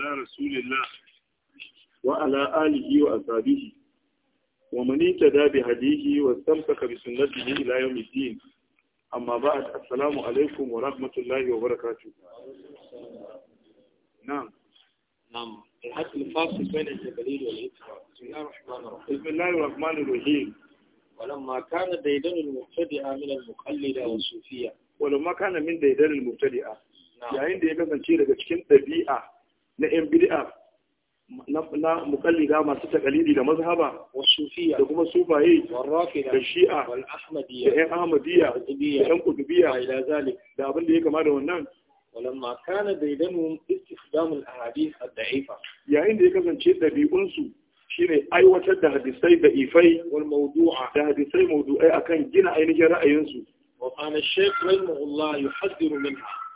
على رسول الله وعلى آله وأصحابه ومن اتدى بهديه واستمسك بسنته إلى يوم الدين أما بعد السلام عليكم ورحمة الله وبركاته نعم نعم الحق الفاصل بين الجبلين والإتقاء بسم الله الرحمن الرحيم بسم الله الرحمن الرحيم ولما كان ديدان المبتدئة من المقلدة والصوفية ولما كان من ديدان المبتدئة يعني da ya kasance daga cikin ɗabi'a na yan bid'a na mukallida masu takalidi da mazhaba da kuma sufaye da shi'a da yan ahmadiyya da yan kutubiya da abin da ya kama da wannan ولما كان yayin da ya kasance dabi'un su shine aiwatar da hadisai da ifai wal mawdu'a da hadisai mawdu'ai akan gina ainihin ra'ayinsu. su wa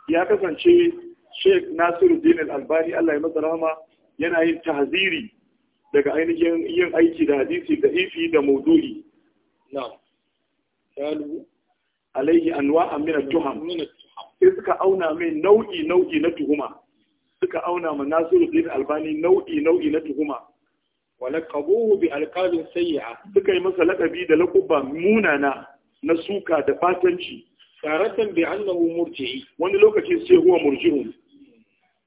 ya kasance Sheikh Nasiruddin Al-Albani Allah ya masa rahama yana yin tahziri daga ainihin yin aiki da hadisi da ifi da maudu'i na'am qalu alayhi anwa'an tuham sai suka auna mai nau'i nau'i na tuhuma suka auna ma Nasiruddin Albani nau'i nau'i na tuhuma wa laqabuhu bi alqabin sayyi'a suka yi masa lakabi da lakuba munana na suka da fatanci taratan bi annahu murji'i wani lokaci sai huwa murji'un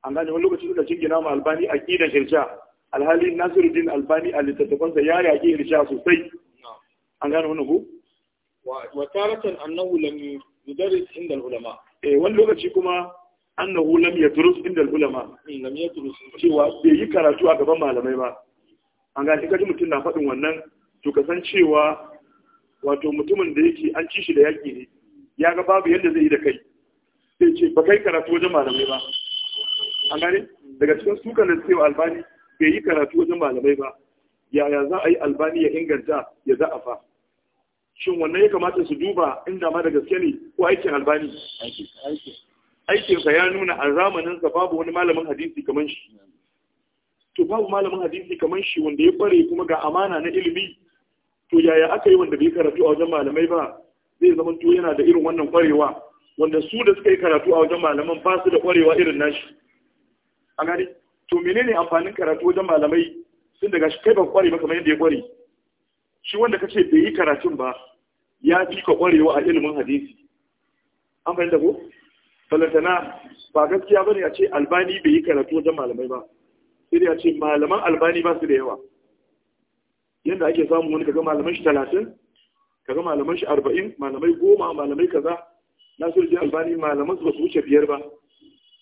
an gane wani lokaci suka cikin gina albani a ƙidan Hirsha? alhali nasiruddin albani a littattafansa ya yaƙi Hirsha sosai an gane wani ku wa taratan annahu lam yudarris inda ulama eh wani lokaci kuma annahu lam yadrus inda ulama hmm, lam yadrus cewa bai yi karatu a gaban malamai ba an gane kaji mutum na faɗin wannan to san cewa wato mutumin da yake an ci shi da yaƙi ne ya ga babu yadda zai yi da kai sai ce ba kai karatu wajen malamai ba an gane daga cikin sukan da suke wa albani bai yi karatu wajen malamai ba yaya za a yi albani ya inganta ya za'afa shin wannan ya kamata su duba inda ma da gaske ne ko aikin albani aikinsa ya nuna a zamaninsa babu wani malamin hadisi kamar shi to babu malamin hadisi kamar shi wanda ya kware kuma ga amana na ilimi to yaya aka yi wanda bai karatu a wajen malamai ba zai zama to yana da irin wannan kwarewa wanda su da suka yi karatu a wajen malaman ba su da kwarewa irin nashi an gani to menene amfanin karatu wajen malamai sun daga shi kai ba kware ba kamar yadda ya kware shi wanda kace bai yi karatun ba ya fi ka kwarewa a ilimin hadisi an fahimta ko balantana ba gaskiya bane a ce albani bai yi karatu wajen malamai ba sai dai a ce malaman albani ba su da yawa yadda ake samu wani kaga malaman shi talatin kaga malaman shi arba'in malamai goma malamai kaza nasiru ji albani malaman su ba su wuce biyar ba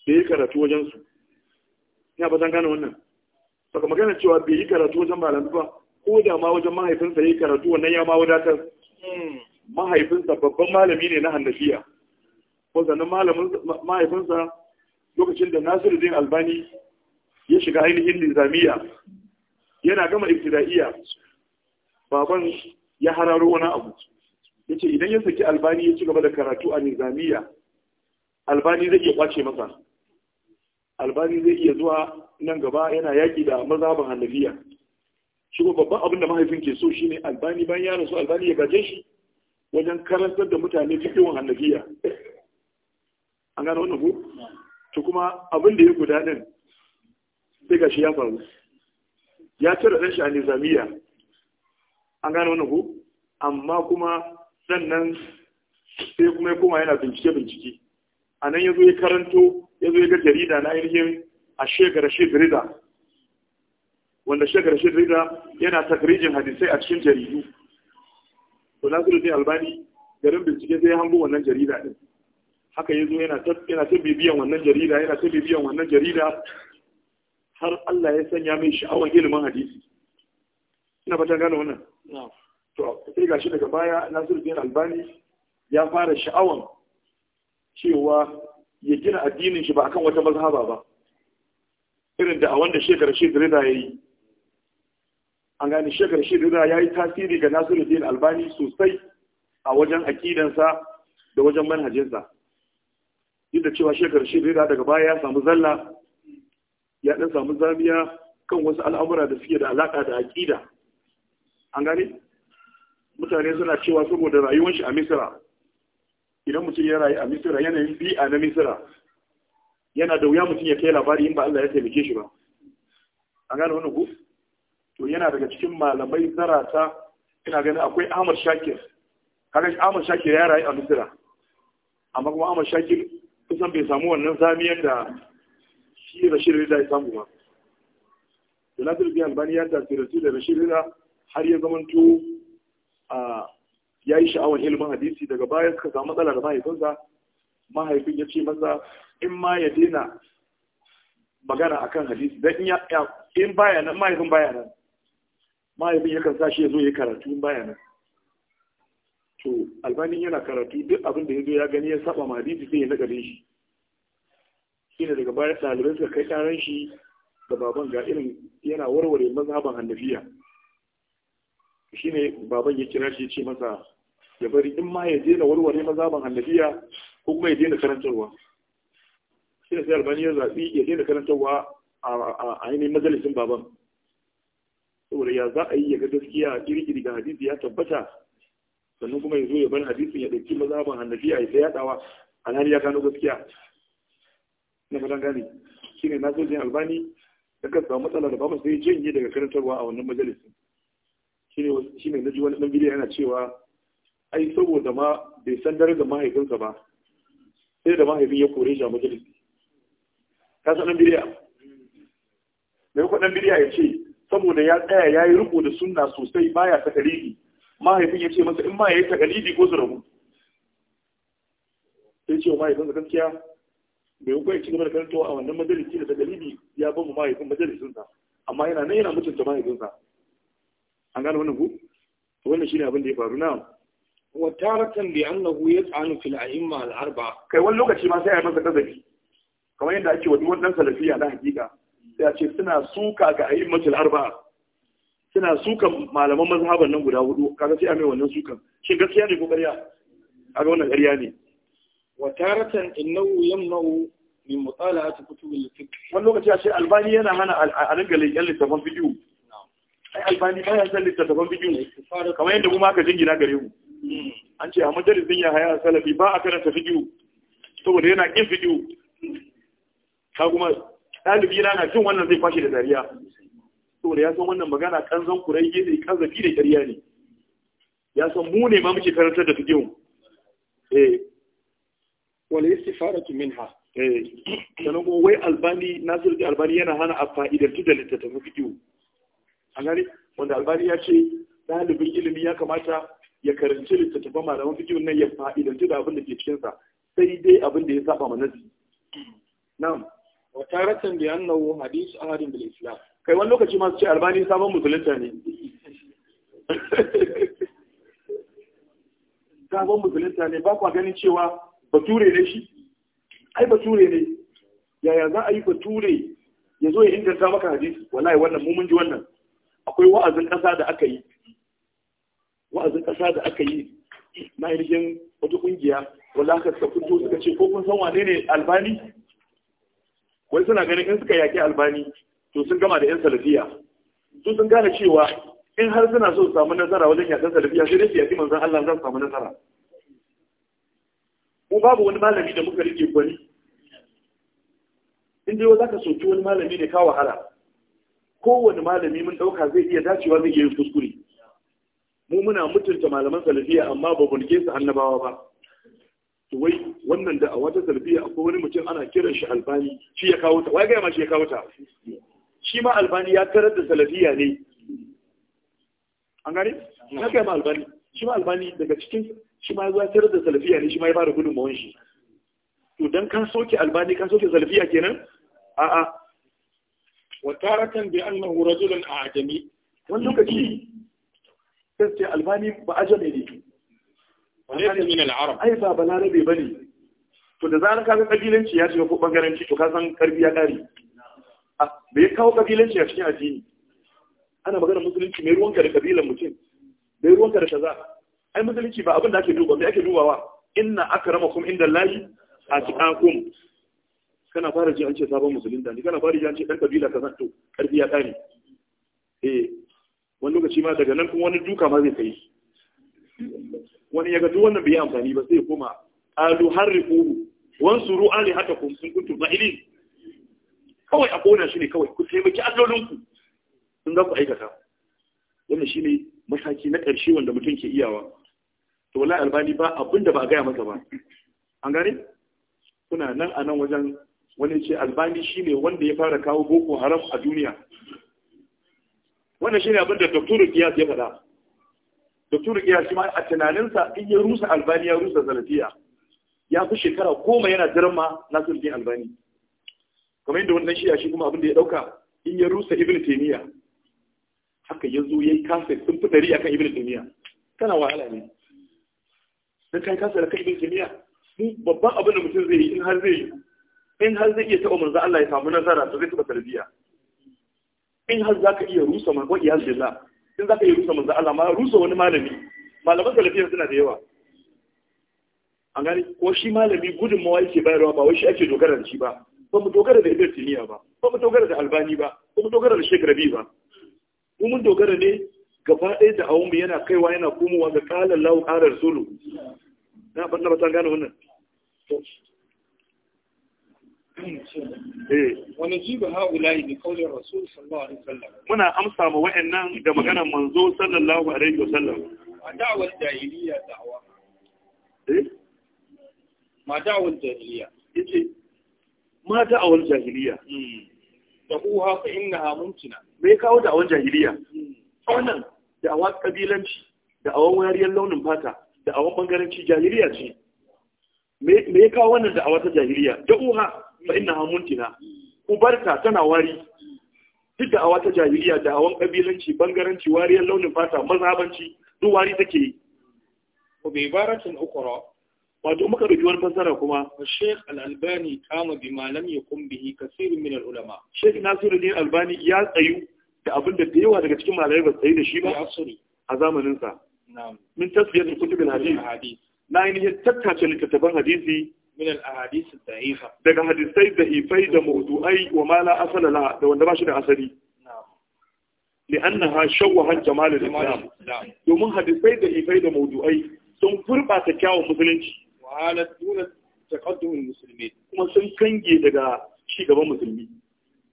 da yi karatu wajen su ya ba zan gane wannan saka magana cewa bai yi karatu wajen malamai ba ko da ma wajen mahaifinsa ya yi karatu wannan ya ma wadatar hmm. mahaifinsa babban malami ne na hannafiya ko sannan mahaifinsa lokacin da nasiruddin albani ya shiga ainihin nizamiya yana gama ibtida'iya baban ya hararo wani abu yace idan ya saki albani ya ci gaba da karatu a nizamiya albani zai iya kwace masa albani zai iya zuwa nan gaba yana yaƙi da mazhaban hannafiya shi ko babban abin da mahaifin ke so shine albani bayan ya rasu albani ya gaje shi wajen karantar da mutane yawan hannafiya an gano wannan ko to kuma abin da ya guda din sai gashi ya faru ya tara da shi a nizamiya an gano wannan ko amma kuma sannan sai kuma ya koma yana bincike-bincike a nan ya zo ya karanto ya zo ya ga jarida na ainihin a shekara shekarida wanda shekara shekarida yana takarijin hadisai a cikin jaridu to nasiruddin albani garin bincike sai ya hango wannan jarida din haka ya zo yana ta bibiyan wannan jarida yana ta bibiyan wannan jarida har Allah ya sanya mai sha'awar ilimin hadisi ina fatan gane wannan to sai gashi daga baya nasiruddin albani ya fara sha'awar cewa ya gina addinin shi ba akan wata mazhaba ba irin da a wanda shekara shekara ya yi an gani shekara shekara ya yi tasiri ga nasiruddin albani sosai a wajen akidansa da wajen manhajinsa duk da cewa shekara shekara daga baya ya samu zalla ya dan samu zamiya kan wasu al'amura da suke da alaka da akida an gani mutane suna cewa saboda rayuwar shi a misira idan mutum ya rayu a misira yanayin bi'a na misira yana da wuya mutum ya kai labari in ba Allah ya taimake shi ba an gane wani ku to yana daga cikin malamai zarata ina ganin akwai Ahmad Shakir kaga Ahmad Shakir ya rayu a misira amma kuma Ahmad Shakir kusan bai samu wannan zamiyar da shi Rashid Rida ya samu ba Nasir Bin Albani ya tasiratu da Rashid Rida har ya zamantu a ah, ya yi sha'awar ilimin hadisi daga baya suka samu matsala da mahaifinsa mahaifin ya ce masa in ma ya daina magana akan hadisi dan in ya in baya nan mahaifin baya nan mahaifin ya sa shi ya zo ya karatu in baya nan to albanin yana karatu duk abin da ya zo ya gani ya saba ma hadisi sai ya nakare shi shine daga baya ɗalibai suka kai ƙaran shi da baban ga irin yana warware mazhaban hannafiya shine baban ya kira shi ya ce masa ya bari in ma ya daina warware mazaban annabiya ko kuma ya daina karantarwa shi da sai albani ya zaɓi ya daina karantarwa a ainihin majalisin baban saboda ya za a yi ya ga gaskiya kirkiri ga hadisi ya tabbata sannan kuma ya zo ya bar hadisin ya ɗauki mazaban annabiya ya ta yaɗawa nan ya gano gaskiya na fadan gane shi ne nasojin albani da kan samu matsala da babu sai janye daga karantarwa a wannan majalisin shi ne na ji wani ɗan bidiyo yana cewa ai saboda ma bai san dare da mahaifinsa ba sai da mahaifin ya kore shi a majalisi ka san nan bidiya mai kwadan bidiya ya ce saboda ya tsaya ya yi riko da sunna sosai baya kalidi mahaifin ya ce masa in ma ya yi kalidi ko su rabu sai ce wa mahaifinsa gaskiya mai kuwa ya ci gaba da karantawa a wannan majalisi da takalidi ya bamu mahaifin majalisinsa amma yana nan yana mutunta mahaifinsa an gane wannan ku wannan shine abin da ya faru na wataratan bi annahu yas'anu fil a'imma al arba kai wani lokaci ma sai ya masa kazabi kamar yadda ake wa wannan salafiya na hakika sai a ce suna suka ga al arba suna suka malaman mazhaban nan guda hudu kaga sai a mai wannan sukan shin gaskiya ne ko ƙarya kaga wannan ƙarya ne wataratan innahu yamna'u min mutala'ati al fiqh wani lokaci a ce albani yana hana a ringa leƙen littafan bidiyo ai albani baya san littafan bidiyo kamar yadda kuma aka jingina gare mu an ce a majalisin ya haya salafi ba a karanta fidiyo saboda yana ƙin fidiyo Ta kuma ɗalibi na jin wannan zai fashi da dariya saboda ya san wannan magana ƙanzan kurai ne ƙanzafi da ƙarya ne ya san mu ne ma muke karantar da fiƙiyu eh wala tu minha eh sanan kuma wai albani nasir da albani yana hana a fa'idantu da littattafan fidiyo a gani wanda albani ya ce ɗalibin ilimi ya kamata ya karanci littattafan malaman fikihun nan ya fa'idanci da abin da ke cikinsa sai dai abin da ya saba ma nasi na'am wa taratan da annahu hadis ahadin bil islam kai wani lokaci masu ce albani sabon musulunta ne sabon musulunta ne ba kwa ganin cewa bature ne shi ai bature ne yaya za a yi bature ya zo ya inganta maka hadisi wallahi wannan mu mun ji wannan akwai wa'azin ƙasa da aka yi wa'azin ƙasa da aka yi na wata ƙungiya wanda aka suka fito suka ce ko kun san wane ne albani wai suna ganin in suka yaƙi albani to sun gama da 'yan salafiya to sun gane cewa in har suna so su samu nasara wajen yaƙar salafiya sai dai su yaƙi manzan Allah za su samu nasara ko babu wani malami da muka rike gwani in dai za ka soki wani malami ne ka wahala kowane malami mun ɗauka zai iya dacewa zai iya yin kuskure mu muna mutunta malaman salafiya amma ba burge su annabawa ba to wai wannan da a wata salafiya akwai wani mutum ana kiran shi albani shi ya kawo ta wai ga ma shi ya kawo ta shi ma albani ya karar da salafiya ne an gane na ga ma albani shi ma albani daga cikin shi ma ya karar da salafiya ne shi ma ya fara gudunmawan shi to dan kan soke albani kan soke salafiya kenan a'a wa taratan bi annahu rajulun a'jami wani lokaci sai ce albani ba ajame ne to walaita min al-arab ai ba balarabe ne. to da zaran kaga kabilanci ya shiga ko bangaranci to ka san karfi ya kare da ah, ya kawo kabilanci a cikin addini ana magana musulunci mai ruwanka da kabilan mutum mai ruwanka da kaza ai musulunci ba abin da ake duba mai ake dubawa inna akramakum inda lahi a cikin kana fara ji an ce sabon musulun da ni kana fara ji an ce dan kabila kaza to Ƙarfi ya kare eh. wani lokaci ma daga nan kuma wani duka ma zai kai wani ya ga wannan bai amfani ba sai koma alu Wani haka wansuru sun in kuntum ilin kawai a kona shi ne kawai ku taimaki allolinku sun za ku aikata wannan ne mataki na ƙarshe wanda mutum ke iyawa to wala albani ba abin da ba a gaya masa ba an gane kuna nan a nan wajen wani ce albani shi ne wanda ya fara kawo boko haram a duniya wannan shine abin da doktoru kiyas ya faɗa doktoru kiyas ma a tunaninsa in ya rusa albani ya rusa salafiya ya fi shekara goma yana na nasiruddin albani kamar yadda wannan shi shi kuma abin da ya dauka in ya rusa Ibn taymiya haka ya zo yayi kasa sun fi dari akan Ibn taymiya kana wahala ne dan kai kasa da kai Ibn taymiya babban abin da mutum zai yi in har zai in har zai iya taɓa manzo Allah ya samu nasara to zai taɓa tarbiyya in har za ka iya rusa manzo iya zilla in za ka iya rusa manzo Allah ma rusa wani malami malaman salafiyya suna da yawa an gani ko shi malami gudunmawa yake bayarwa ba wai shi ake dogara da shi ba ba mu dogara da ibn tiniya ba ba mu dogara da albani ba ba mu dogara da shekarabi ba mu mun dogara ne gaba ɗaya da awon mu yana kaiwa yana komowa ga kalan lawo ƙarar sulu na ban da ba ta gane wannan Eh. wani jiba ha'ulayi da kaulin rasul sallallahu alaihi wasallam muna amsa ma wa'annan da maganar manzo sallallahu alaihi wasallam a da'awar jahiliya da'awa eh ma da'awar jahiliya yace ma da'awar jahiliya hmm. da uha fa innaha mumkina me kawo da'awar jahiliya hmm. wannan da'awa kabilanci da'awar wariyar launin fata da'awar bangaranci jahiliya ce me ya kawo wannan da'awar ta jahiliya da uha fa innaha muntina ubarka tana wari duk da awa ta jahiliya da awan kabilanci bangaranci wariyar launin fata mazhabanci duk wari take yi bai bi ibaratin ukhra wato muka dauki wani fassara kuma Sheikh Al-Albani kama bi ma lam yakun bihi kaseerun min al-ulama Sheikh Nasiruddin Albani ya tsayu da abin da yawa daga cikin malamai ba tsayi da shi ba a zamanin sa na'am min tasfiyat kutub al-hadith na ainihin tattace littattafan hadisi من الاحاديث الضعيفه ده حديث daga hadisai da'ifai da mawdu'ai wa ma la asala la da wanda ba shi da asali شوهت جمال الإسلام domin hadisai da ifai da maudu'ai sun gurɓata kyawun musulunci kuma sun kange daga ci gaban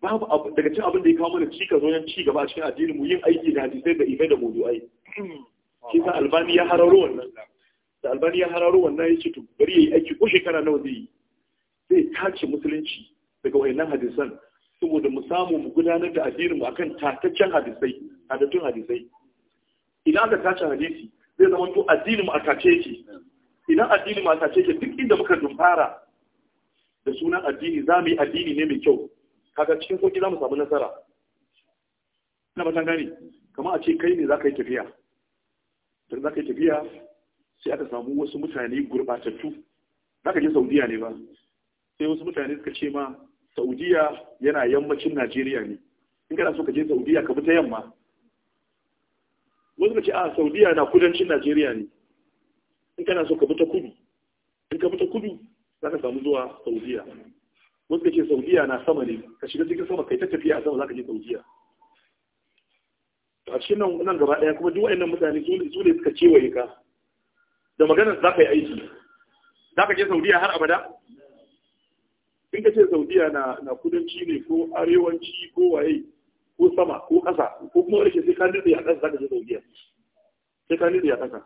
babu abu daga cin abin da ya kawo mana ci gaba wajen ci gaba a cikin addini mu yin aiki da hadisai da ifai da maudu'ai hmm. shi sa albani ya hararo wannan da albani ya hararo wannan ya ce to bari yayi aiki ko shekara nawa zai yi zai tace musulunci daga wayannan hadisan saboda mu samu mu gudanar da addinin mu akan tataccen hadisai hadatun hadisai idan aka tace hadisi zai zama to addinin mu a tace yake idan addinin mu a tace yake duk inda muka dumfara da sunan addini za mu yi addini ne mai kyau kaga cikin sauki za mu samu nasara na batan gane kama a ce kai ne za ka yi tafiya za ka yi tafiya sai aka samu wasu mutane gurbatattu ka je saudiya ne ba sai wasu mutane suka ce ma saudiya yana yammacin najeriya ne in kana so ka je saudiya ka bi ta yamma wasu ka ce a ah, saudiya na kudancin najeriya ne in kana so ka bi ta kudu in ka bi ta kudu za ka samu zuwa saudiya wasu ka ce saudiya na sama ne ka shiga cikin sama kai ta tafiya a sama za ka je saudiya a cikin nan gaba ɗaya kuma duk wa'annan mutane su ne suka kewaye ka da maganar za ka yi aiki za ka je saudiya har abada in ka ce saudiya na na kudanci ne ko arewanci ko waye ko sama ko ƙasa ko kuma wani sai ka nitsi a ƙasa za ka je saudiya sai ka nitsi a ƙasa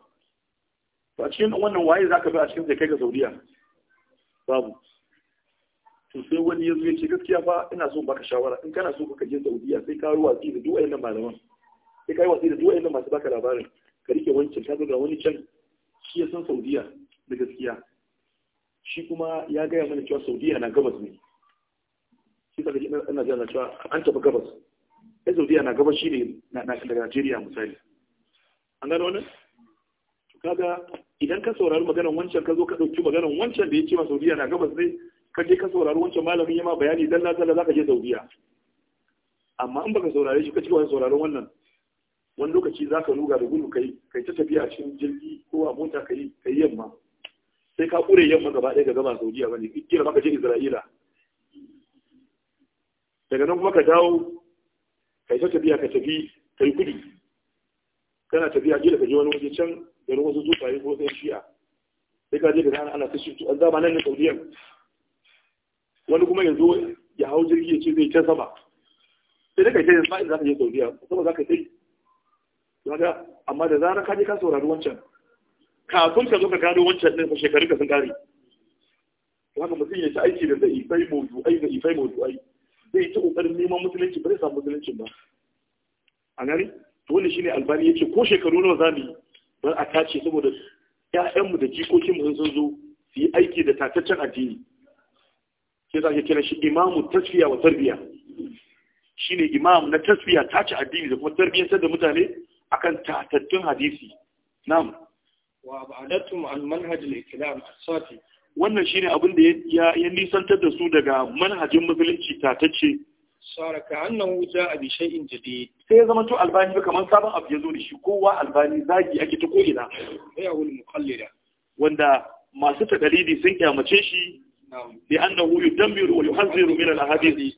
to a cikin wannan waye za ka bi a cikin sai kai ga saudiya babu to sai wani ya zo ya ce gaskiya fa ina so baka shawara in kana so ka je saudiya sai ka ruwa da duk wayannan malaman sai ka yi watsi da duk wayannan masu baka labarin ka rike wancan ka ga wani can shi ya san saudiya da gaskiya shi kuma ya gaya mana cewa saudiya na gabas ne shi ka gaji ana na cewa an tafi gabas ya saudiya na gabas shi ne daga najeriya misali an gano wani? to kaga idan ka saurari maganar wancan ka zo ka ɗauki maganar wancan da ya ce ma saudiya na gabas ne ka je ka saurari wancan malamin ya ma bayani dan na zala za ka je saudiya amma in baka saurare shi ka ci wani sauraron wannan wani lokaci za ka ruga da gudu kai ta tafiya a cikin jirgi ko a mota kai kai yamma sai ka kure yamma gaba ɗaya ga gaba saudiya ne, kira maka je isra'ila daga nan kuma ka dawo kai ta tafiya ka tafi kai kudi kana tafiya je ka je wani waje can da wasu zufaye ko sai shi'a sai ka je ka gana ana ta shi an zama nan na saudiya wani kuma yanzu ya hau jirgi ya ce zai ta sama sai da kai ta yin fa'in za ka je saudiya sama za ka yi daga amma da zarar ka je ka saurari wancan kafin ka zo ka gado wancan din shekaru ka sun kare haka mutum ya ci aiki da zai fai mawdu'ai da ifai mawdu'ai zai ci kokarin neman musulunci ba zai samu musulunci ba a gani to shi shine albani yace ko shekaru nawa zamu yi don a tace saboda ƴaƴanmu da jikokinmu sun zo su yi aiki da tataccen addini sai za ka kira shi imamu tasfiya wa tarbiya shine imam na tasfiya tace addini da kuma tarbiyyantar da mutane akan tatattun hadisi nam wa ba'adatum an manhajul al asati wannan shine abin da ya ya nisantar da su daga manhajin musulunci tatacce sara ka annahu a bi shay'in jadid sai zama to albani ba kamar sabon abu ya zo da shi kowa albani zagi ake ta ko'ina ya muqallida wanda masu takalidi sun kyamace shi bi annahu yudammiru wa yuhazziru min al-ahadith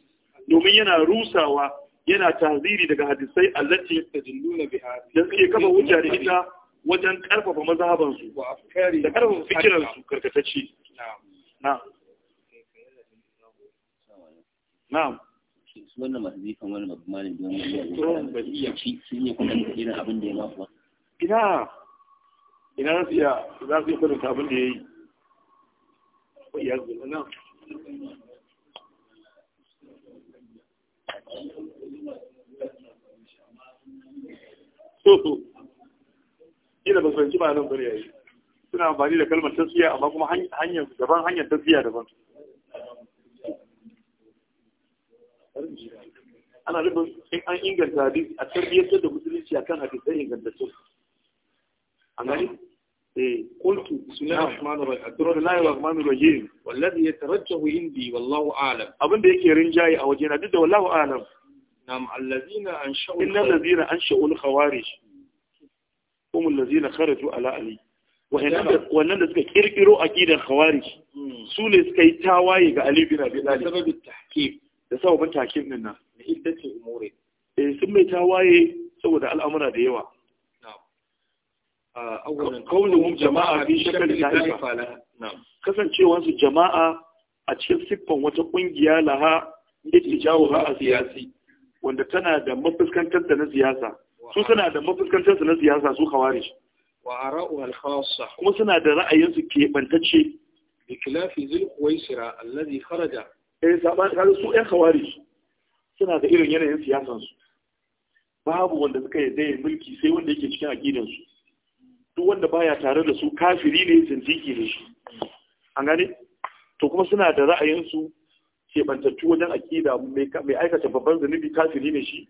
domin yana rusawa yana tahziri daga hadisai allati tadilluna biha da suke kafa wuce da ita wajen karfafa mazhaban su da karfafa fikiran su karkatacce na'am na'am wannan da da ina ba su fahimci ba nan yayi suna amfani da kalmar tasfiya amma kuma hanyar daban hanyar tasfiya daban ana nufin in an inganta hadisi a tarbiyyar da musulunci akan hadisai ingantattu an gani قلت بسم الله الرحمن الرحيم بسم الله الرحمن الرحيم والذي يترجح عندي والله اعلم abin da yake rinjaye a wajena duk da wallahu a'lam نعم الذين أنشأوا إن الذين أنشأوا الخوارج هم الذين خرجوا على علي wannan da suka kirkiro aqidar khawarij su ne suka yi tawaye ga Ali bin Abi sababin da sababin tahkim din eh sun mai tawaye saboda al'amura da yawa jama'a fi shakl ta'ifa na'am kasancewa su jama'a a cikin siffan wata kungiya laha ittijawu ha a siyasi wanda tana da mafuskantar da na siyasa su suna da mafuskantar da na siyasa su khawarij wa ara'u al-khassa kuma suna da ra'ayin su kebantacce bi khilafi zil quwaisira alladhi kharaja eh saban kaga su ɗan khawarij suna da irin yanayin siyasan su babu wanda suka yarda ya mulki sai wanda yake cikin aqidan su duk wanda baya tare da su kafiri ne zindiki ne shi an gane to kuma suna da ra'ayin su keɓantattu wajen aƙida mai aikata babban zunubi kafiri ne shi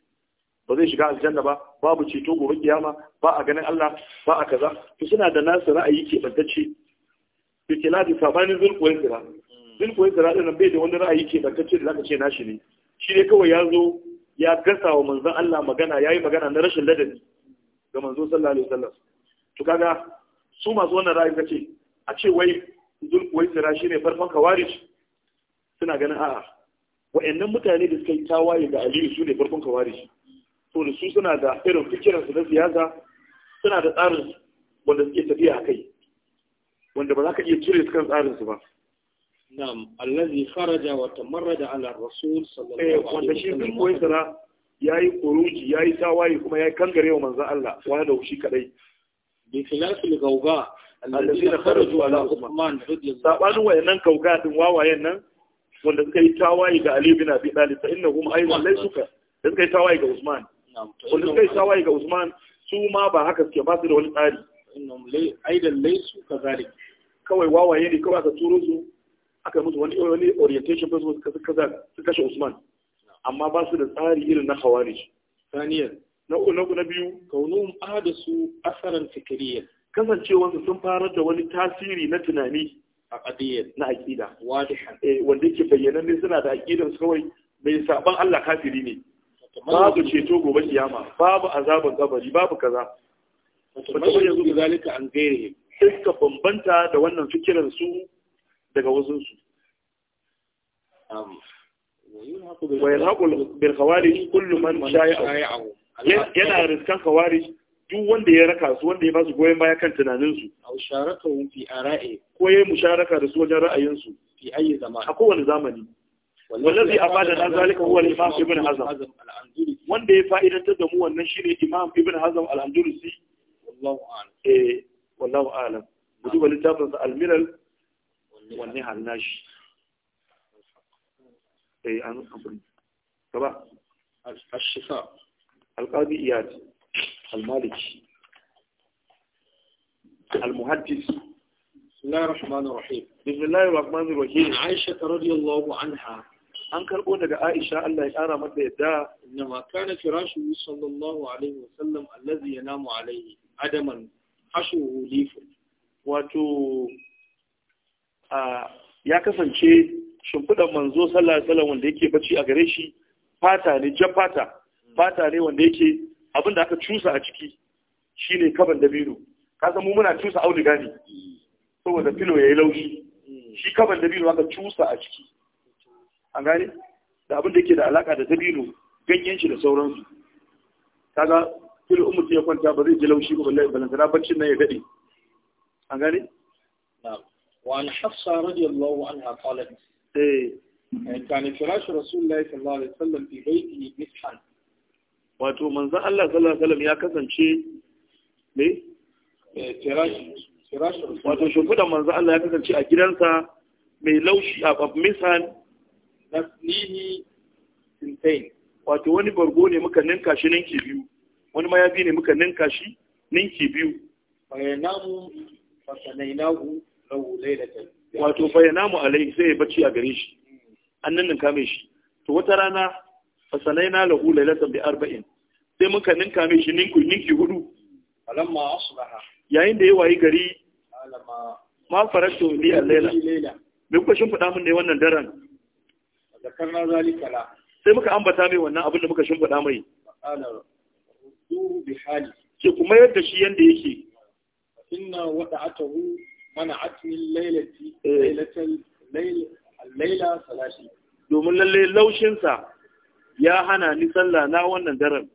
ba zai shiga aljanna ba babu ceto gobe kiyama ba a ganin Allah ba a kaza to suna da nasu ra'ayi keɓantacce to ke ladi sabanin zulkuwar sira zulkuwar sira ɗin bai da wani ra'ayi keɓantacce da zaka ce nashi ne shi ne kawai ya zo ya gasa wa manzon Allah magana ya yi magana na rashin ladabi ga manzo sallallahu alaihi wasallam to kaga su masu wannan ra'ayi kace a ce wai zulkuwar sira ne farkon kawarici suna ganin a'a wa'annan mutane da suka yi tawaye ga aliyu su ne farkon kawari shi to da su suna da irin su na siyasa suna da tsarin wanda suke tafiya a kai wanda ba za ka iya cire su kan tsarinsu ba na'am allazi kharaja wa tamarrada ala rasul sallallahu eh, alaihi wasallam wanda shi duk koyi sara yayi kuruji yayi tawaye kuma yayi kangare wa manzon Allah wa da shi kadai bi khilaf al-gawba allazina kharaju ala Uthman radiyallahu anhu sabanin wayannan gauga din wawayen nan wanda suka yi tawaye ga Ali bin Abi Talib fa innahum aidan laysuka da suka yi tawaye ga Usman wanda suka yi tawaye ga Usman su ma ba haka suke ba su da wani tsari aidan laysu kazalik kawai wawaye ne kawai ka turo su aka musu wani wani orientation suka su su kashe Usman amma ba su da tsari irin na Khawarij saniyar na uku na biyu kaunum ahadasu asaran fikriyan kasancewa sun farar da wani tasiri na tunani aqdiyyan na aqida eh, wanda yake bayyana ne suna da aqidan kawai mai saban Allah kafiri ne babu ceto gobe kiyama babu azabin kabari babu kaza mutum yanzu da zalika an gaire iska bambanta da wannan fikiran su daga wasun su wa yalhaqu bil khawarij kullum man shaya'a yana riskan khawarij duk wanda ya raka su wanda ya ba su goyon baya kan tunaninsu a sharaka wun fi ara'i ko ya yi musharaka da su wajen ra'ayinsu fi ayi zamani a kowane zamani wallazi da na zalika huwa al-imam ibn Hazam, wanda ya fa'idantar da mu wannan shine imam ibn Hazam al-andalusi wallahu a'lam eh wallahu a'lam littafin sa al-milal wannan hannashi eh an abun gaba al-shifa al-qadi iyati. المالكي المحدث بسم الله الرحمن الرحيم بسم الله الرحمن الرحيم عائشة an karɓo daga Aisha Allah ya ƙara mata yadda inna ma kana firashu sallallahu alaihi wasallam allazi yanamu alaihi adaman hashuhu lifu wato ya kasance shimfiɗar manzo sallallahu alaihi wasallam wanda yake bacci a gare shi fata ne jan fata fata ne wanda yake abin da aka cusa a ciki shine kaban dabino ka san mu muna cusa auduga ne saboda filo ya yi laushi shi kaban dabino aka cusa a ciki an gane da abin da yake da alaka da dabino ganyen shi da sauransu kaga filo umar mutum ya kwanta ba zai ji laushi ba wallahi balantana baccin nan ya daɗe an gane na'am wa an hafsa radiyallahu anha qalat eh كان فراش رسول الله صلى الله عليه وسلم في بيته مسحا wato manzan Allah sallallahu alaihi ya kasance ne eh, wato shimfidan manzan Allah ya kasance a gidansa mai laushi a misan naslihi sintain wato wani bargo ne muka ninka shi ninki biyu wani mayafi ne muka ninka shi ninki biyu bayanamu fasanainahu lahu laylatan wato bayanamu alai sai ya bacci a gare shi an ninka mai shi to wata rana fasalaina lahu lailatan bi arba'in sai muka ninka mai shi ninku ninki hudu yayin da ya wayi gari alama ma faratu li al-laila me kuka shimfida mun ne wannan daren sai muka ambata mai wannan abin da muka shimfida mai ke kuma yadda shi yanda yake inna wada'atuhu domin lalle laushinsa ya hana ni sallah na wannan daren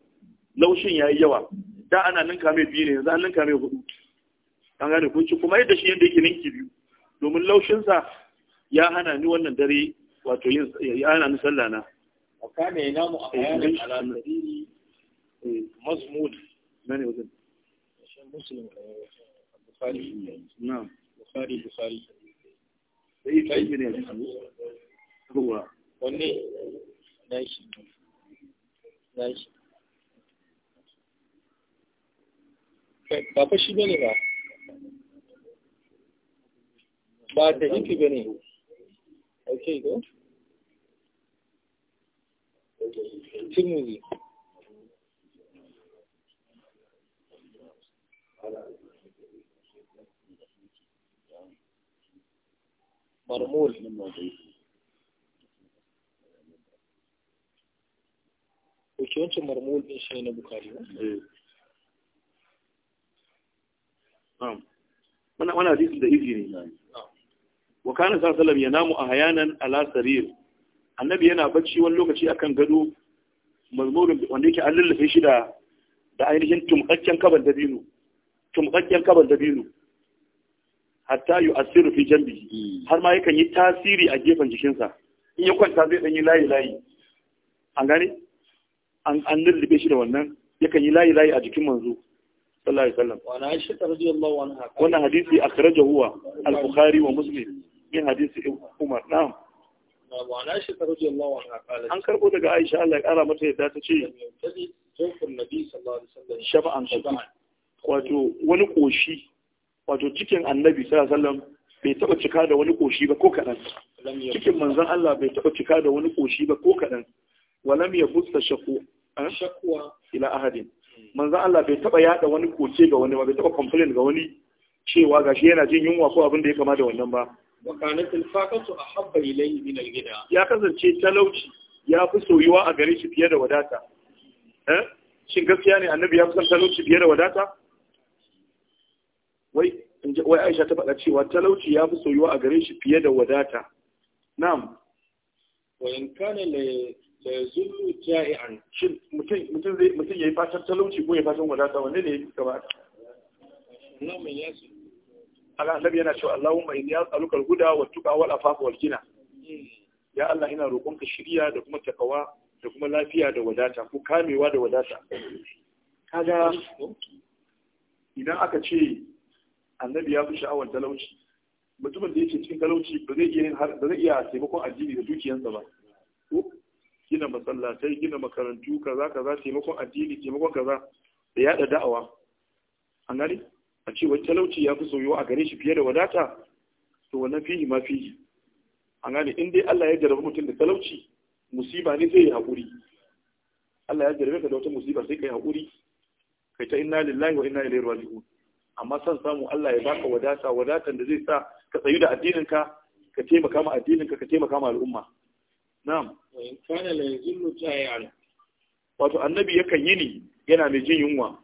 laushin yayi yawa da ana ninka mai biyu ne yanzu an ninka mai hudu an gane kun ci kuma yadda shi yanda yake ninki biyu domin laushin sa ya hana ni wannan dare wato yin ya hana ni sallah na akame ina mu eh, ayanin alamadiri eh, mazmun mene wajen muslim eh, bukhari na bukhari bukhari sai kai ne ruwa wanne gashi gashi ba fa shi bane ba ba ta hiki bane okay go Timothy مرمول من ok wancan marmul din shi na bukari wannan wannan hadisi da izini. ne wa kana sallallahu ya namu a hayanan ala sarir annabi yana bacci wani lokaci akan gado mazmurin wanda yake an lullufe shi da da ainihin da binu tumakken tumkakken da binu hatta yu asiru fi jambi hmm. har ma yakan yi tasiri a gefen jikinsa in ya kwanta zai dan yi layi layi an gane an lullube shi da wannan yakan yi layi layi a jikin manzo sallallahu alaihi wasallam wa aisha wannan hadisi akhrajahu wa al-bukhari wa muslim min hadisi umar na'am wa an karbo daga aisha Allah ya kara mata yadda ta ce jofin nabi sallallahu alaihi wasallam wato wani koshi wato cikin annabi sallallahu alaihi wasallam bai taba cika da wani koshi ba ko kadan cikin manzon Allah bai taba cika da wani koshi ba ko kadan walam ya busta eh? shakwa ila ahadin manzo Allah bai taba yada wani koke ga wani ba bai taba complain ga wani cewa gashi yana jin yunwa ko abin da ya kama da wannan ba wa kanat al-faqatu ahabba ilayhi min al gida. ya kasance talauci ya fi soyuwa a gare shi fiye da wadata eh? shin ne annabi ya fi son talauci wai Aisha ta faɗa cewa talauci ya fi soyuwa a gare shi fiye da wadata na'am wa in kana la yazullu shin mutum ya yi mutum fatan talauci ko yayi fatan wadata wanne ne yake gaba Allahumma yasu Allah annabi yana cewa Allahumma inni ya tsarukar guda wa tuka wal afafa wal gina. Hmm. ya Allah ina roƙonka shirya da kuma takawa da kuma lafiya da wadata ko kamewa da wadata kaga idan aka ce annabi ya fi sha'awar talauci mutumin da ya ce cikin talauci ba zai iya taimakon addini da dukiyansa ba gina masallatai gina makarantu kaza kaza taimakon addini taimakon kaza da yada da'awa an gani a ce wani talauci ya fi soyuwa a gare shi fiye da wadata to wannan fihi ma fihi an gani in dai Allah ya jarabi mutum da talauci musiba ne zai yi haƙuri Allah ya jarabe ka da wata musiba sai kai haƙuri kai ta inna lillahi wa inna ilaihi raji'un amma san samu Allah ya baka wadata wadatan da zai sa ka tsayu da addinin ka ka taimaka ma addinin ka ka taimaka ma al'umma na'am in kana la yuzillu jayan wato annabi yakan yi ni yana mai jin yunwa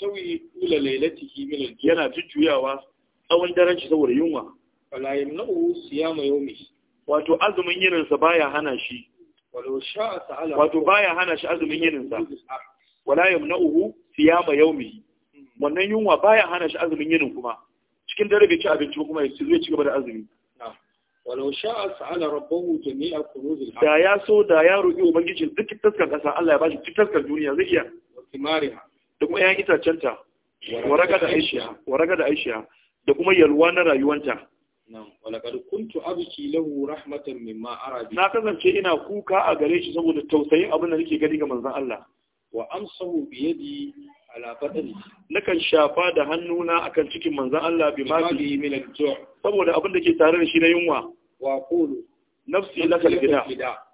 tawi ila lailatihi min al yana jujjuyawa tsawon daren shi saboda yunwa Wala yamna'u siyama yawmi wato azumin yinin sa baya hana shi walau sha'a ta'ala wato baya hana shi azumin yinin sa wala yamna'u siyama yawmi hmm. wannan yunwa baya hana shi azumin yinin kuma cikin dare bai ci abinci kuma ya ci gaba da azumi walau sha'a sa'ala rabbahu jami'a kunuzil da ya so da ya roƙi ubangijin duk taskar ƙasa Allah ya bashi duk taskar duniya zai iya wasimariha da kuma yan itacenta waraga da aishiya waraga da aishiya da kuma yalwa na rayuwanta walaqad kuntu abki lahu rahmatan mimma ara na kasance ina kuka a gare shi saboda tausayin abin da nake gani ga manzon Allah wa amsahu bi yadi nakan shafa da hannuna akan cikin manzan Allah bi ma bi saboda abin da ke tare da shi na yunwa wa qulu nafsi laka alfida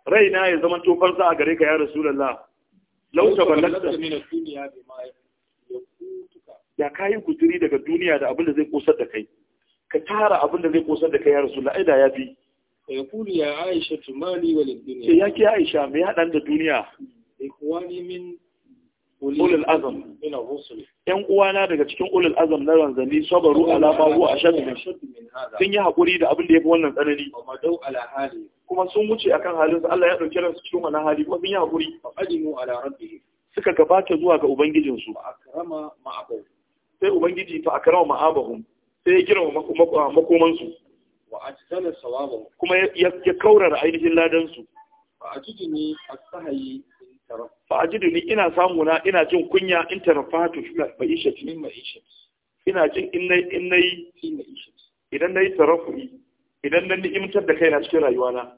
raina ya zama tofar sa a gare ka ya rasulullah law taballakta ya kayi kuturi daga duniya da abin da zai kosar da kai ka tara abin da zai kosar da kai ya rasulullah aida ya bi. ya kulu ya aisha tumali walid dunya ya ki aisha me hadan da duniya ikwani min ulul azam ina rusul yan uwana daga cikin ulul azam na ranzani sabaru ala ma huwa ashad min sun yi hakuri da abin da yafi wannan tsanani kuma sun wuce akan halin su Allah ya dauke ransu cikin wannan hali kuma sun yi hakuri fadimu ala rabbihim suka gabata zuwa ga ubangijin su akrama ma'abahum sai ubangiji fa akrama ma'abahum sai ya kira makoman su wa ajzala sawabahum kuma ya kaurara ainihin ladan su fa ajidni as-sahayi fa ajidu ni ina samu na ina jin kunya in tarafatu fi ma'ishati min ma'ishati ina jin in nayi in nayi fi ma'ishati idan nayi tarafu'i idan na imtar da kaina cikin na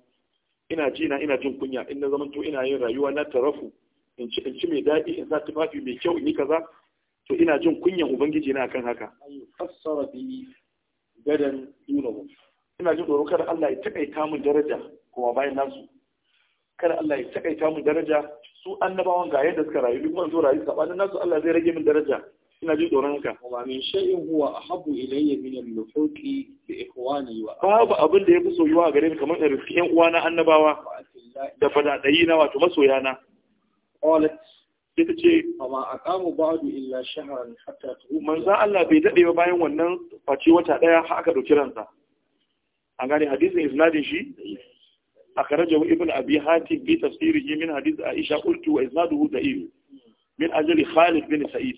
ina ji na ina jin kunya in na zamanto ina yin rayuwa na tarafu in ci in ci mai daɗi in sa tufafi mai kyau in yi kaza to ina jin kunyan ubangiji na akan haka fassara bi gadan dunahu ina jin tsoro kada Allah ya takaita mu daraja kuma bayan nasu kada Allah ya takaita mu daraja su annabawan ga yadda suka rayu duk wanzu rayu sabanin nasu Allah zai rage min daraja ina jin tsoron ka wa min shay'in huwa ahabbu ilayya min al-luhuqi bi ikhwani wa babu abin da yafi soyuwa gare ni kamar irin yan uwana annabawa da fadadayi na wato na. qalat ita ce amma aqamu ba'du illa shahran hatta tu manzo Allah bai dade ba bayan wannan face wata daya har aka dauki ransa an gane hadisin isnadin shi أخرجه ابن أبي هاتف في تفسيره من حديث عائشة قلت وإسناده ضعيف من أجل خالد بن سعيد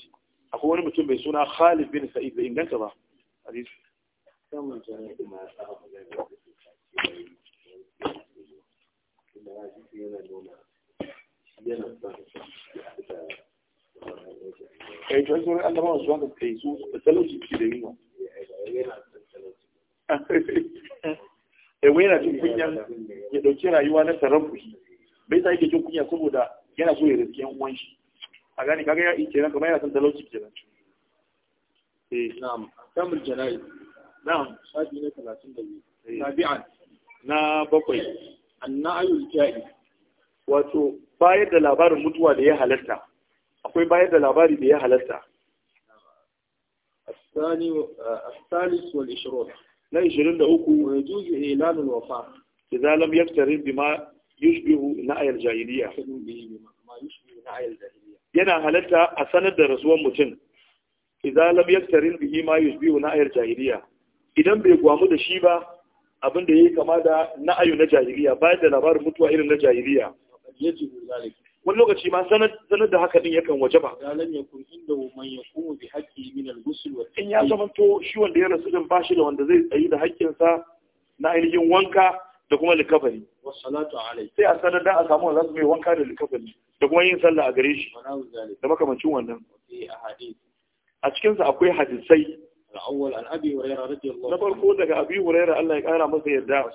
أخوان متم بسنا خالد بن سعيد بإن كان كذا حديث kai إيه، dauki rayuwa na sarrafuhi bai sa yake jin kunya saboda yana so ya riski yan uwan shi a gani kaga ya kenan kamar yana son talauci kenan eh na'am kamul janai na'am shafi ne eh. 32 tabi'an na bakwai annayul ja'i wato bayar da labarin mutuwa da ya halatta akwai bayar da labari da ya halatta الثاني الثالث والعشرون لا 23 ويجوز إعلان الوفاة إذا لم yaktarin بما يشبه نعي jahiliya yana halatta a sanar da rasuwan mutum idza به yaktarin يشبه نعي الجاهلية jahiliya idan bai أبن da shi ba abin da yayi kama da إلى na jahiliya bayan da labarin mutuwa irin na jahiliya lokaci ma sanar da haka din yakan waje ba dalan ya kun inda man ya kuma bi haƙƙi min al-ghusl wa in ya zamanto shi wanda ya rasu din bashi da wanda zai tsayi da haƙƙinsa na ainihin wanka da kuma likafani sai a sanar da a samu wanda zasu mai wanka da likafani da kuma yin sallah a gare shi da makamancin wannan a cikinsa akwai hadisai na farko daga abi huraira Allah ya kara masa yarda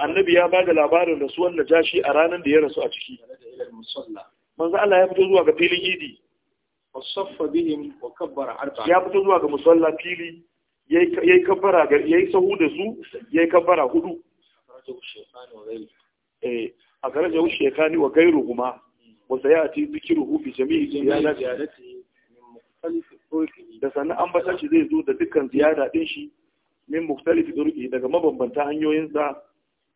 annabi ya bada labarin rasuwan najashi a ranar da ya rasu a ciki manzo Allah ya fito zuwa ga filin idi ya fito zuwa ga musalla fili yayi kabbara ga yayi sahu da su yayi kabbara hudu eh a garaje hu shekani wa gairu kuma wa sayati dhikruhu bi jami'i ziyadati da sannan an bata shi zai zo da dukkan ziyada din shi min mukhtalifi turqi daga mabambanta hanyoyin sa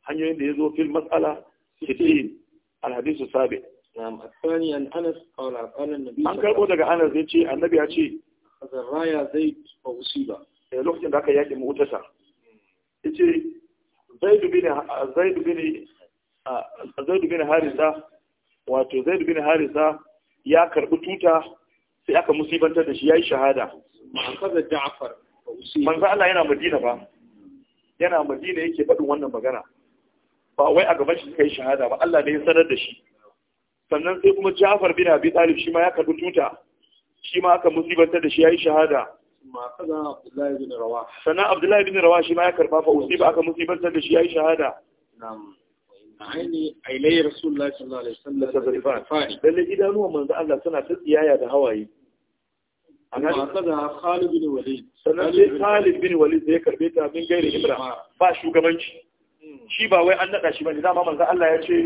hanyoyin da yazo fil mas'ala kitin al hadith sabi nam athani an anas qala qala an karbo daga anas yace annabi ya ce zarraya zaid fa usiba Eh, lokacin da aka yaƙi mutasa ya ce dubi ne harisa wato dubi ne harisa ya karɓi tuta sai aka musibantar da shi ya yi shahada manzo Allah yana madina ba yana madina yake faɗin wannan magana ba wai a gaban shi kai shahada ba Allah ne ya sanar da shi sannan sai kuma Ja'far bin Abi Talib shi ma ya karɓi tuta shi ma aka musibantar da shi ya yi shahada sannan abdullahi bin rawa shi ma ya karba fa usiba aka musibantar da shi ya yi shahada aini ailai rasulullahi sallallahu alaihi wasallam da zarifan lalle idanuwan manzo Allah suna ta tsiyaya da hawaye amma kaza Khalid bin Walid sannan sai Khalid bin Walid zai karbe ta min gairi Ibra ba shugabanci hmm. shi ba wai an nada shi bane dama manzo Allah ya ce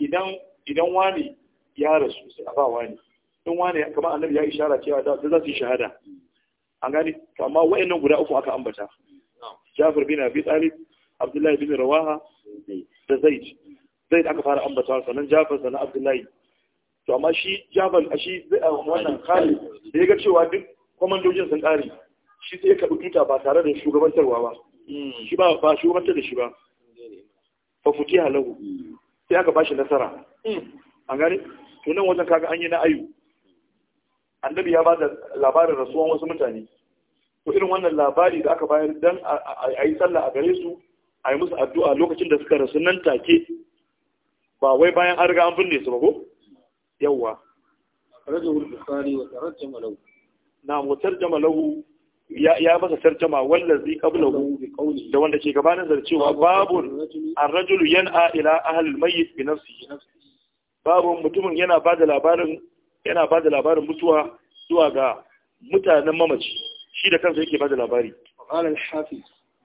idan idan wani ya rasu sai a ba wani in wani kamar annabi ya ishara cewa da za su yi shahada an gani to amma wayannan guda uku aka ambata Jafar bin Abi Talib Abdullahi bin Rawaha da Zaid Zaid aka fara ambata sannan Jafar sannan Abdullahi to amma shi Jafar shi wannan Khalid da yaga cewa duk komandojin sun kare shi sai ka tuta ba tare da shugabantarwa ba shi ba ba shugabantar da shi ba fa fuki halahu sai aka bashi nasara an gani to nan wajen kaga an yi na ayu annabi ya ba da labarin rasuwan wasu mutane ko irin wannan labari da aka bayar dan a yi sallah a gare su a yi musu addu'a lokacin da suka rasu nan take ba wai bayan an riga an binne su ba ko yawwa rajul bukhari wa tarjama lahu na mu tarjama lahu ya ya masa tarjama wallazi qablahu bi qawli da wanda ke gabanin zarcewa babun ar-rajulu yan'a ila ahli al-mayyit bi nafsihi babun mutumin yana bada labarin yana ba da labarin mutuwa zuwa ga mutanen mamaci shi da kansa yake ba da labari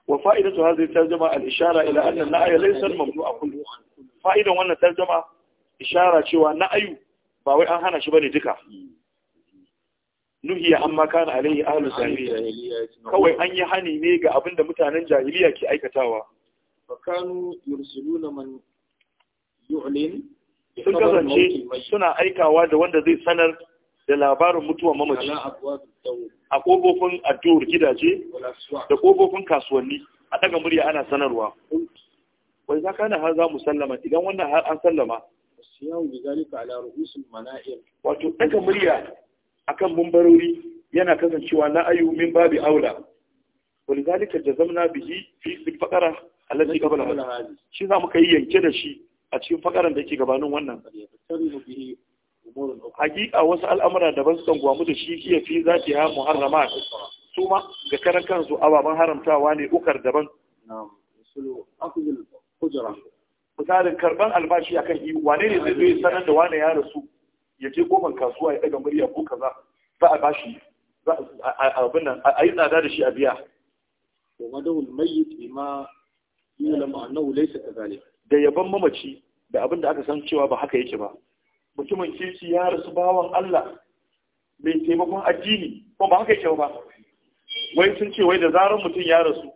wa fa'idatu hadhihi tarjuma al-ishara ila anna na'ya laysa a kullu fa'idan wannan tarjuma ishara cewa na'ayu ba wai an hana shi bane duka nuhiya amma kana alaihi ahlul jahiliya kawai an yi hani ne ga abinda mutanen jahiliya ke aikatawa fakanu yursiluna man yu'lin sun kasance suna aikawa da wanda zai sanar da labarin mutuwar mamaci a kofofin addu'ar gidaje da kofofin kasuwanni a daga murya ana sanarwa wai za ka na har za mu sallama idan wannan har an sallama wato daga murya akan mumbarori yana kasancewa na ayu min babi aula ولذلك جزمنا به في الفقرة التي قبلها Shi za muka yi yanke da shi a cikin fakaran da yake gabanin wannan hakika wasu al'amura daban sukan gwamu da shi kiya fi za ta ha muharrama su ma ga karan kansu ababen haramtawa ne ukar daban misalin karban albashi akan yi wane ne zai zai sanar da wane ya rasu ya je goma kasuwa ya daga murya ko kaza za a bashi abin nan a yi tsada da shi a biya wa madawul mayyit annahu da yaban mamaci da abin da aka san cewa ba haka yake ba mutumin kirki ya rasu bawan Allah mai taimakon addini ko ba haka yake ba wai sun ce wai da zarar mutum ya rasu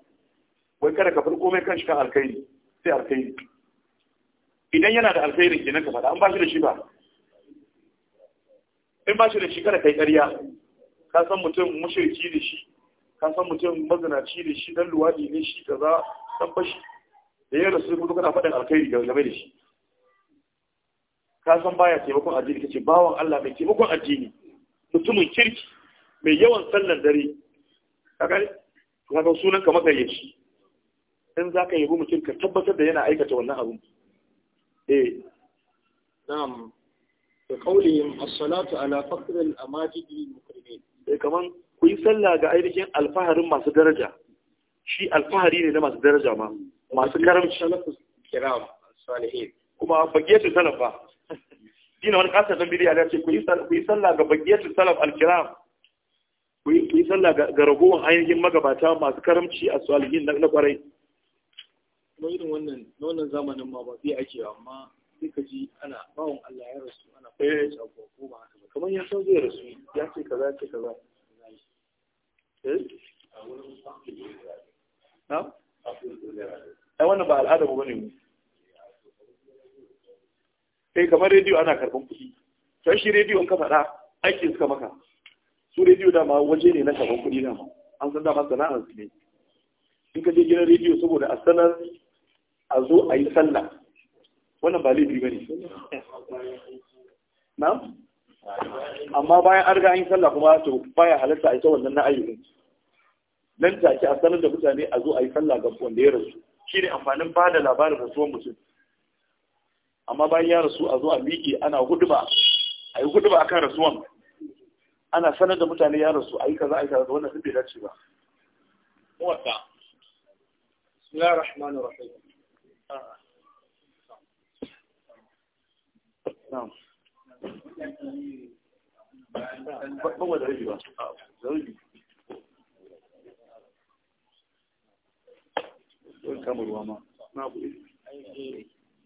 wai kada ka farko mai kanshi kan alkhairi sai alkhairi idan yana da alkhairin kenan ka faɗa an ba shi da shi ba in ba shi da shi kada kai ƙarya ka san mutum mushirki da shi ka san mutum mazinaci da shi dan luwadi ne shi kaza dan fashi da ya rasu kuma kana faɗin alkhairi game da shi Ka san baya taimakon addini kace bawan Allah mai taimakon addini mutumin kirki mai yawan sallar dare kaga ga sunan ka magayyaci in zaka yi mutum ka tabbatar da yana aikata wannan abun eh na'am da kaulihim as-salatu ala faqr al-amajid al-mukrimin eh kaman ku yi sallah ga ainihin alfaharin masu daraja shi alfahari ne na masu daraja ma masu karamci kuma bagiyatu salafa dina wani kasar don bidiya ya ce ku yi sallah ga bakiyatul salaf alkiram ku yi sallah ga ragowar ainihin magabata masu karamci a salihin na kwarai kuma irin wannan na wannan zamanin ma ba zai ake amma sai ka ji ana bawon Allah ya rasu ana fara shago ko ba haka ba kamar ya zai rasu ya ce kaza ya ce kaza eh? a wannan ba al'ada ba ne kai eh, kamar rediyo ana karɓan kuɗi can shi rediyo in ka faɗa aikin suka maka su rediyo dama waje ne na karɓan kuɗi dama an san dama sana'ar su ne in ka je gidan rediyo saboda a sanar a zo a yi sallah wannan ba laifi ba ne na amma bayan an riga an yi sallah kuma to baya halarta a yi ta wannan na ayyukan nan take a sanar da mutane a zo a yi sallah ga wanda ya rasu shi ne amfanin ba da labarin rasuwar mutum amma bayan ya rasu a zo a miƙe ana hudba a yi a akan rasuwan ana sanar da mutane ya rasu a yi kaza a yi kaza wannan sun bai dace ba wata ya rahmanu rahim ba